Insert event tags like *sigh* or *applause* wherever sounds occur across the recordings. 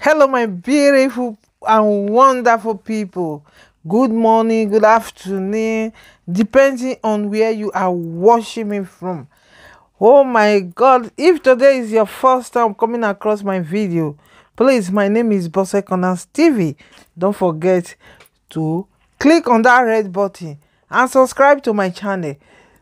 Hello, my beautiful and wonderful people. Good morning, good afternoon, depending on where you are watching me from. Oh my God, if today is your first time coming across my video, please, my name is Bose Corners TV. Don't forget to click on that red button and subscribe to my channel.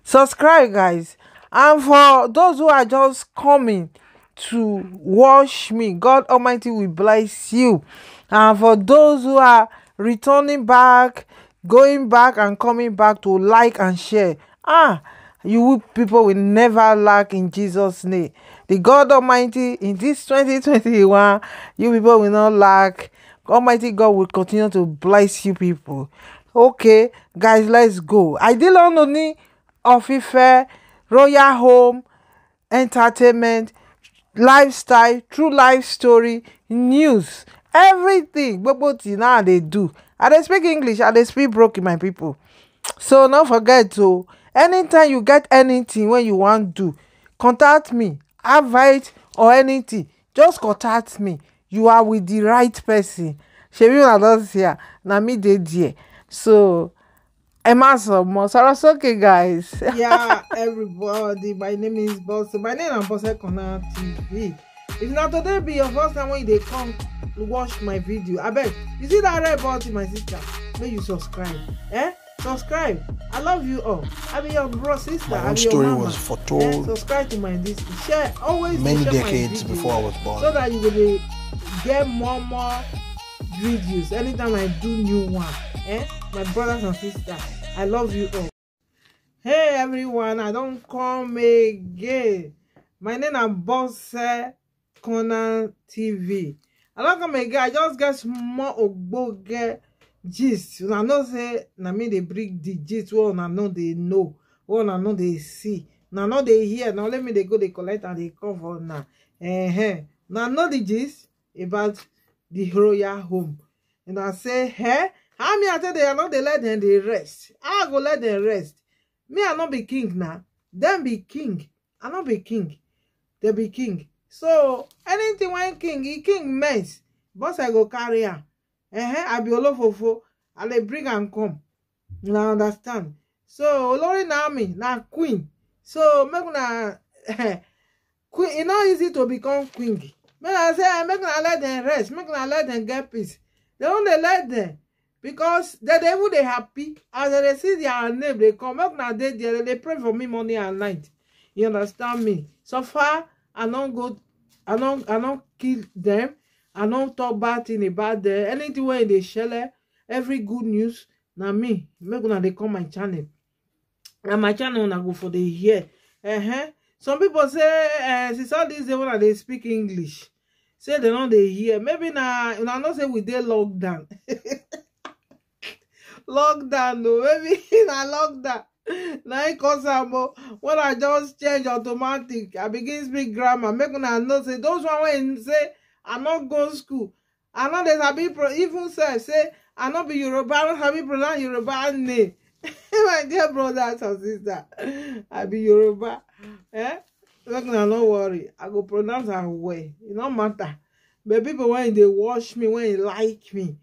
Subscribe, guys. And for those who are just coming, to wash me. God Almighty will bless you. And for those who are returning back, going back and coming back to like and share, ah, you people will never lack in Jesus' name. The God Almighty in this 2021, you people will not lack. Almighty God will continue to bless you people. Okay, guys, let's go. Ideal Ononi of Ife Royal Home Entertainment lifestyle true life story news everything gbogbo ti now i dey do i dey speak english i dey speak broken my people. so no forget to. anytime you get anything wey you wan do contact me Invite or anything, just contact me you are with the right person shebi una don see am na me dey there so ẹ má sọ mọ́ sọ̀rọ̀ guys. *laughs* yeah everybody my name is Bose my name na Bose Corner TV if not today be your first time when they dey come watch my video abeg you see that red button my sister May you subscribe eh subscribe i love you all i be your bro sister my own be your story mama was foretold eh subscribe to my dis share always many decades before i was born so that you will get more more videos anytime i do new one eh my brothers and sisters i love you all hey everyone i don't come again my name is Bose Conan TV i don come again i just get small ogbonge gist una know say na me dey bring the gist wey una know they know wey una know they see una no they hear Now let me dey go dey collect and dey come for una eh eh una know the gist about the royal home and i say hey how me i tell i no dey let dem dey rest i go let dem rest me i no be king na dem be king i no be king dem be king so anything wey king e king mess boss i go carry am ehe i be olofofo i dey bring am come una understand so olori naomi na queen so make una *laughs* queen e no easy to become queen make i say make una let dem rest make una let dem get peace dem no dey let dem because dem dey even dey happy as dem dey see their name dey come make una dey there dem dey pray for me morning and night you understand me so far i no go i no i no kill dem i no talk bad thing about dem anything wey dey shele every good news na me make una dey come my channel na my channel una go for dey hear uh eh? -huh. some people say uh, since all dis day una dey speak english say they no dey hear maybe na una know say we did lockdown *laughs* lockdown though. maybe *laughs* na lockdown Now e cause am oh. when i just change automatic i begin speak grammar make I know say those one wey say i no go school i no dey sabi pro even say say i not be yoruba i have sabi pronounce yoruba name *laughs* my dear brothers and sisters i be yoruba eh Look now, no worry i go pronounce am way. It no matter but people when they watch me when they like me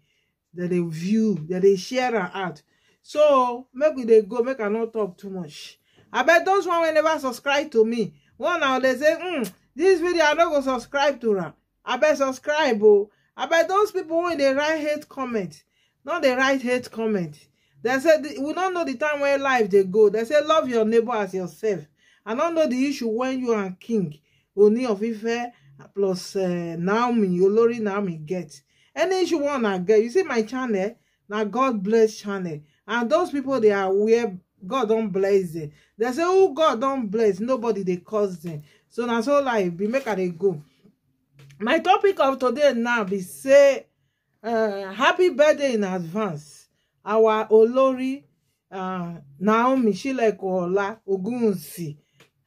that they view that they share am out so maybe they go make i not talk too much I bet those one wey never subscribe to me one now they say hmm this video i no go subscribe to I bet subscribe oh. I bet those people wey they write hate comment not dey write hate comment They say we no know the time where life they go They say love your neighbor as yourself I don't know the issue when you and King Ooni of Ife plus uh, Naomi Olori Naomi get any issue one I get you see my channel now. God bless channel and those people they are aware God don't bless them they say oh God don't bless nobody They cause them so na so life be make I dey go my topic of today now be say uh, happy birthday in advance our Olori uh, ah, Naomi like Ola Ogunwusi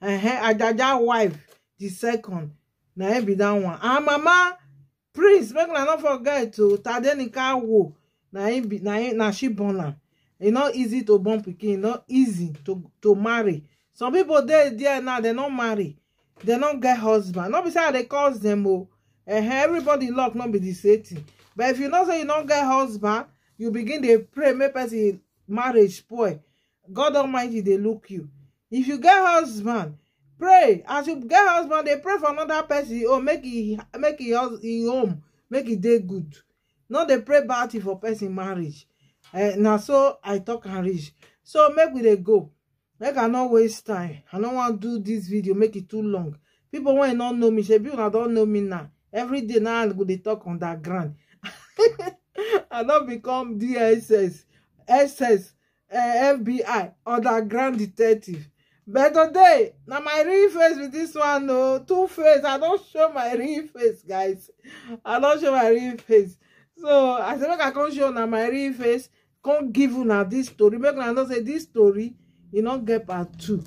ajaja wife the second na him e be dat one and ah, mama prince make una no forget o tadenika wo na him e be na him e, na she born am e no easy to born pikin e no easy to to marry some people dey there now dem no marry dem no get husband no be say i dey curse dem o uh-huh, everybody luck no be the same thing but if you know say you no get husband you begin dey pray make person marriage spoil god almighty dey look you if you get husband pray as you get husband they pray for another person oh make e make e home make it day good Not they pray bad thing for person marriage uh, na so i talk and reach so make we dey go make i no waste time i no wan do this video make it too long people want not know me shebi una don't know me now every day now i go they talk underground *laughs* i don't become dss ss uh, eh, fbi underground detective but today Now my real face with this one o two face i don't show my real face guys i don't show my real face so i say make i come show na my real face can't give you una this story make una know say this story You e no get part two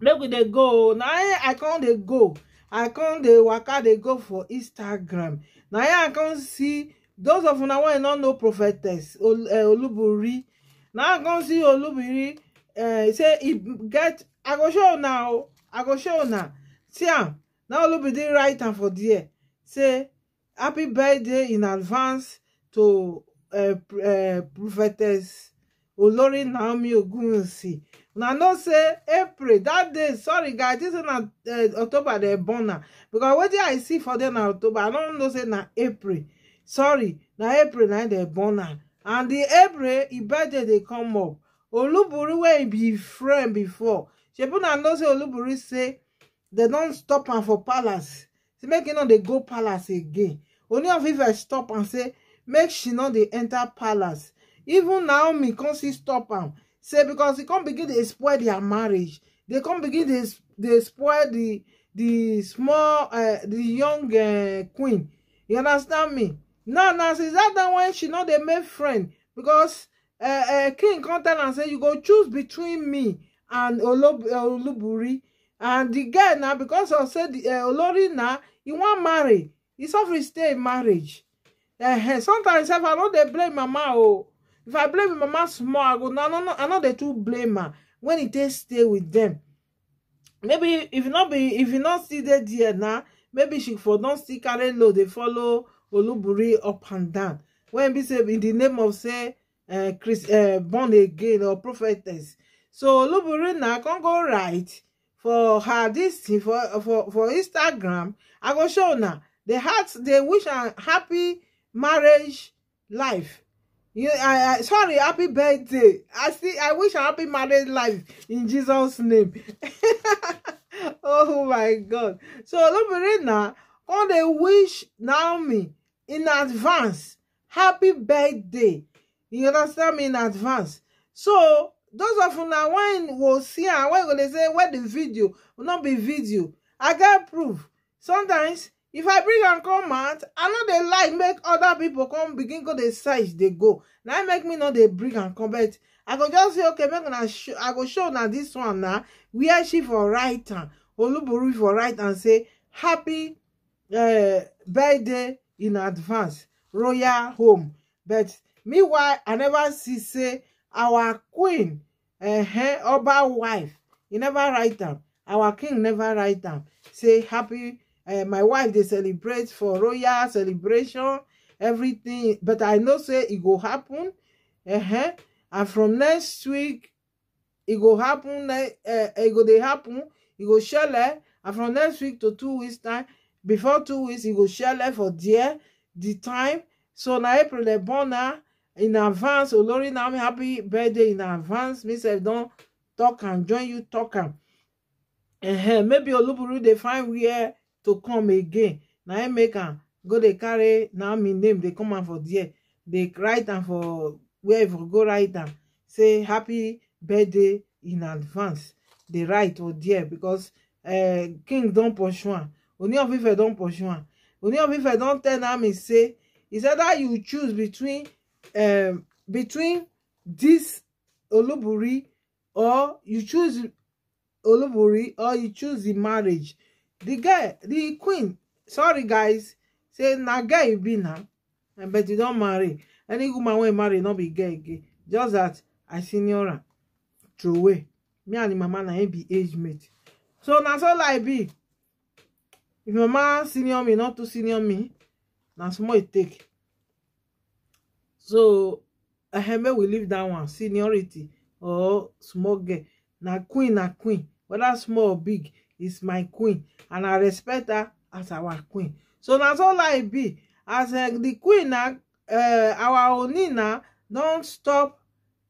make we dey go Now i can't they go i come dey waka they go for instagram Now i can't see those of una wey no know prophetess eh, oluburi Now i can't see oluburi uh, say he get i go show now o oh. i go show ah, now. see am na olubidi write am for there say happy birthday in advance to uh, uh, prophetess olori naomi ogunwusi una know say april that day sorry guys this na uh, october dem born am because wetin i see for there na october i no know say na april sorry na april na dem born am and di april e birthday dey come up oluburu he be friend before shebu na know say oluburu say they don't stop and for palace say make e know they go palace again only of ife stop and say make she know they enter palace even now, me can't see stop and say because they come begin to spoil their marriage They come begin to dey spoil the the small uh, the young uh, queen you understand me No, no. since that time when she know they make friend because uh, uh, king come tell am say you go choose between me and Olob eh, Oluburi and the girl na because of say the uh, Olori na he wan marry he suffer stay in marriage uh, sometimes sef i no dey blame mama o if i blame mama small i go na no no i no dey too blame her when he take stay with dem maybe if no be if e no still dey there na maybe she for don still carry load dey follow oluburi up and down when be say in the name of say uh, Chris, uh, born again or prophetess. So Luburina can go right for her this for for for Instagram. I go show now. They had they wish a happy marriage life. You, I, I, sorry, happy birthday. I see. I wish a happy marriage life in Jesus' name. *laughs* oh my God! So Luburina, all they wish Naomi in advance happy birthday you understand me in advance so those of you now when we'll see and when we say where the video will not be video i get proof sometimes if i bring and comment, i know they like make other people come begin go the search they go Now make me know they bring and comment. i go just say okay make una i go show now this one na where she for right? am olubori for right and say happy uh, birthday in advance royal home but meanwhile i never see say our queen uh-huh, oba wife e never write am our king never write am say happy uh, my wife dey celebrate for royal celebration everything but i know say e go happen uh-huh. and from next week e go happen uh, e go dey happen e go shele and from next week to two weeks time before two weeks e go shele for there the time so na april dey born her in advance olori oh, na me happy birthday in advance myself don't talk and join you talk am uh maybe oluburu dey find where to come again Now im make am go dey carry Now naomi name they come and for there they write and for wherever go write am say happy birthday in advance They write for there because uh, king don't pursue am oni of ife don't pursue am oni of ife don't tell naomi say he say that you choose between um, between this oluburi or you choose oluburi or you choose the marriage the guy the queen sorry guys say na guy you be now but you don marry any woman wey marry no be girl again just that i senior am throwaway me and im mama na im be age mate so na so like be if mama senior me not too senior me na small e take so eheme we leave that one seniority or small girl na queen na queen whether small or big is my queen and i respect her as our queen so na so life be as uh, the queen na uh, our oni don't stop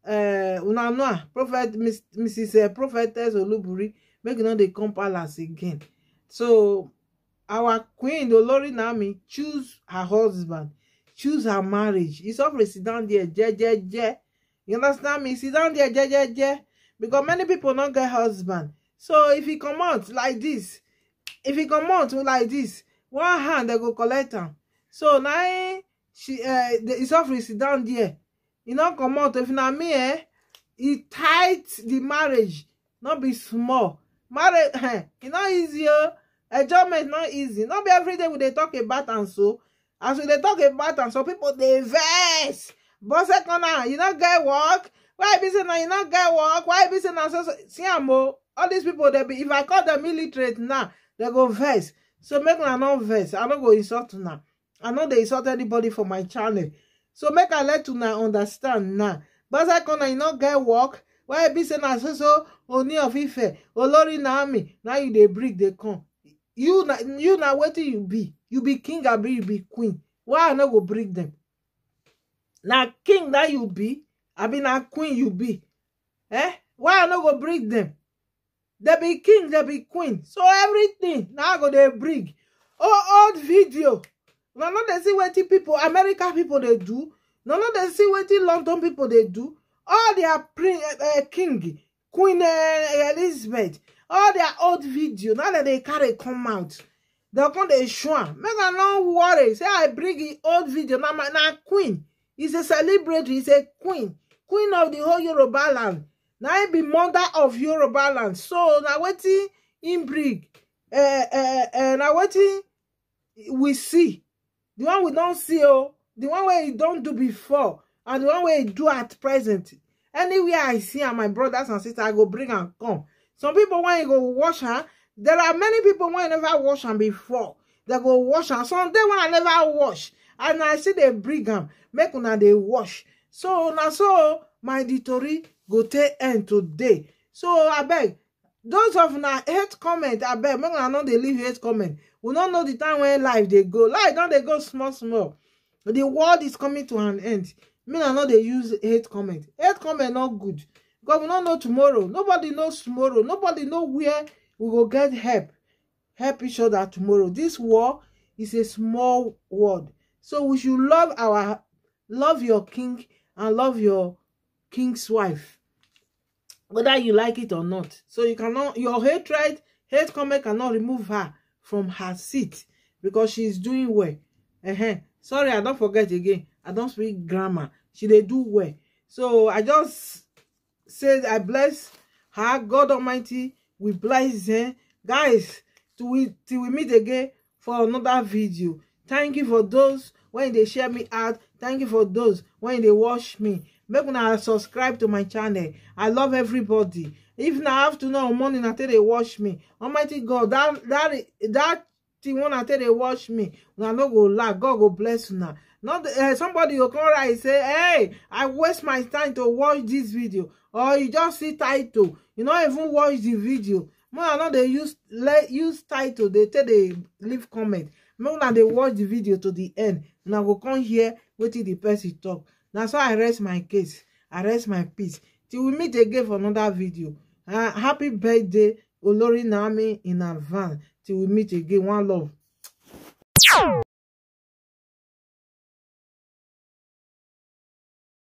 uh, una prophet Miss, mrs uh, prophetess oluburi make you no know dey come palace again so our queen the olori naomi choose her husband choose her marriage it's always sit down there je je je. you understand me sit down there je je je. because many people don't get husband so if he come out like this, if he come out like this, one hand they go collect him. so na she uh, the offering sit down there e come out. if not me eh e tight the marriage Not be small marriage *laughs* eh, e no easy o oh. enjoyment not easy Not be every day. we they talk about and so as we dey talk about am some people they vex but second you not get work why e be say na you not get work why e be say na so so see am o all these people they. be if i call them illiterate now they go vex so make una no vex i don't go insult now. i know they insult anybody for my channel so make i let you now understand now but second you not get work why e be say na so so oni of ife olori na army na you dey break dey con you na you na wetin you be you be king abi you be queen why i no go bring dem na king na you be abi na queen you be eh why i no go bring dem dem be king dem be queen so everything na i go dey bring oh old video na no dey see wetin pipo america pipo dey do na no dey see wetin london pipo dey do all dia uh, eh, eh, king queen uh, elizabeth all their old video now that they carry come out they're going to show make a long worry say i bring the old video Now my now queen is a celebrity he's a queen queen of the whole yoruba land na im be mother of yoruba land so now waiting im bring uh, uh, uh, na wetin we see the one we don't see oh, the one wey he don't do before and the one wey he do at present anywhere i see and my brothers and sisters i go bring and come Some people when you go wash hand, there are many people when you never wash hand before. They go wash hand. Some day when I never wash, and I see they bring them, make una they wash. So now so my editori go take end today. So I beg those of na hate comment I beg make una no they leave hate comment we don't know the time when life they go life don't they go small small the world is coming to an end make una no they use hate comment hate comment not good God will not know tomorrow. Nobody knows tomorrow. Nobody know where we will get help. Help each other tomorrow. This war is a small world. So we should love our love your king and love your king's wife. Whether you like it or not. So you cannot your hatred, hate comment cannot remove her from her seat because she is doing well. Uh -huh. Sorry, I don't forget again. I don't speak grammar. She they do well. So I just says, I bless her. God Almighty We bless her. Guys, till we, till we meet again for another video. Thank you for those when they share me out. Thank you for those when they watch me. Make when I subscribe to my channel. I love everybody. If have to know morning until they watch me, Almighty God, that that that thing when after they watch me, una no go lack. God go bless now. Not uh, somebody go come right say, "Hey, I waste my time to watch this video." or you just see title you no even watch the video More una they dey use use title they tell they leave comment More una they watch the video to the end una go come here waiting the person talk That's so i rest my case i rest my peace till we meet again for another video uh, happy birthday olori Nami in advance till we meet again one love.